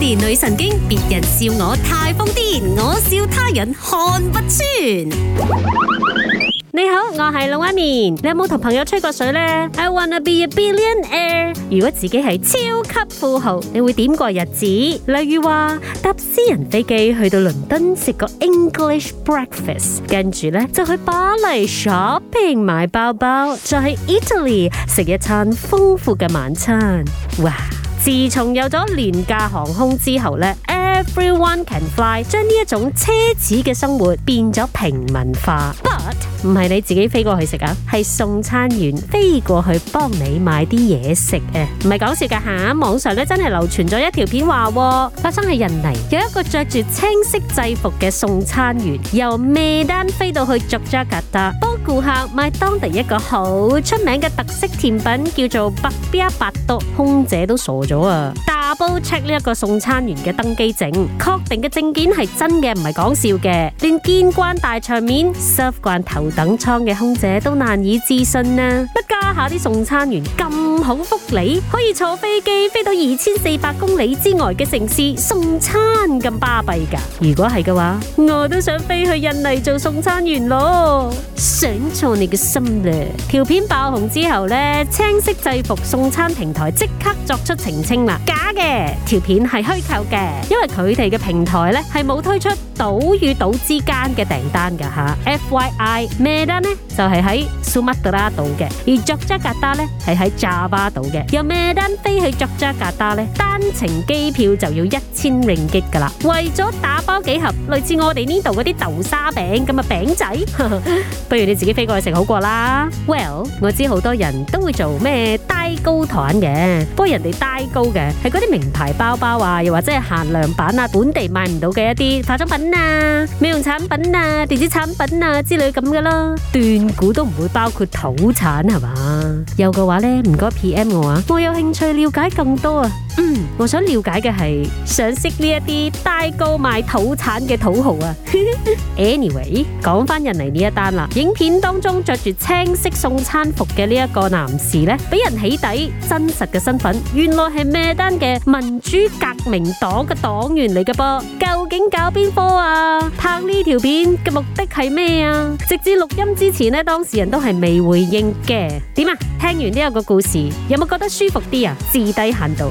連女神經，別人笑我太瘋癲，我笑他人看不穿。你好，我係老阿年，你有冇同朋友吹過水呢？I wanna be a billionaire。如果自己係超級富豪，你會點過日子？例如話搭私人飛機去到倫敦食個 English breakfast，跟住呢，就去巴黎 shopping 買包包，再喺 Italy 食一餐豐富嘅晚餐。哇！自從有咗廉價航空之後呢 Everyone can fly，將呢一種奢侈嘅生活變咗平民化。But 唔係你自己飛過去食啊，係送餐員飛過去幫你買啲嘢食嘅，唔係講笑噶吓、啊。網上真係流傳咗一條片話、啊，發生喺印尼，有一個着住青色制服嘅送餐員由咩丹飛到去爪哇吉達。顧客買當地一個好出名嘅特色甜品，叫做百邊百度，空姐都傻咗啊！Double check 呢一個送餐員嘅登機證，確定嘅證件係真嘅，唔係講笑嘅。連見慣大場面、serve 慣頭等艙嘅空姐都難以置信呢、啊。不加下啲送餐員咁好福利，可以坐飛機飛到二千四百公里之外嘅城市送餐，咁巴閉噶？如果係嘅話，我都想飛去印尼做送餐員咯。想錯你嘅心嘞！條片爆紅之後咧，青色制服送餐平台即刻作出澄清啦，假嘅，條片係虛構嘅，因為佢哋嘅平台咧係冇推出島與島之間嘅訂單噶吓。FYI 咩單咧？就係喺蘇門答臘島嘅，而日惹咧係喺爪哇島嘅。由咩單飛去日惹咧？單程機票就要一千令吉噶啦。為咗打包幾盒類似我哋呢度嗰啲豆沙餅咁嘅餅仔，不如。你自己飛過去食好過啦。Well，我知好多人都會做咩代購團嘅，不過人哋代購嘅係嗰啲名牌包包啊，又或者係限量版啊，本地買唔到嘅一啲化妝品啊、美容產品啊、電子產品啊之類咁嘅咯。斷估都唔會包括土產係嘛？有嘅話咧，唔該 PM 我啊，我有興趣了解更多啊。嗯、我想了解嘅係想識呢一啲低高賣土產嘅土豪啊。 Anyway，講翻人嚟，呢一單啦。影片當中着住青色送餐服嘅呢一個男士呢，俾人起底真實嘅身份，原來係咩單嘅民主革命黨嘅黨員嚟嘅噃。究竟搞邊科啊？拍呢條片嘅目的係咩啊？直至錄音之前呢，當事人都係未回應嘅。點啊？聽完呢一個故事，有冇覺得舒服啲啊？至低限度，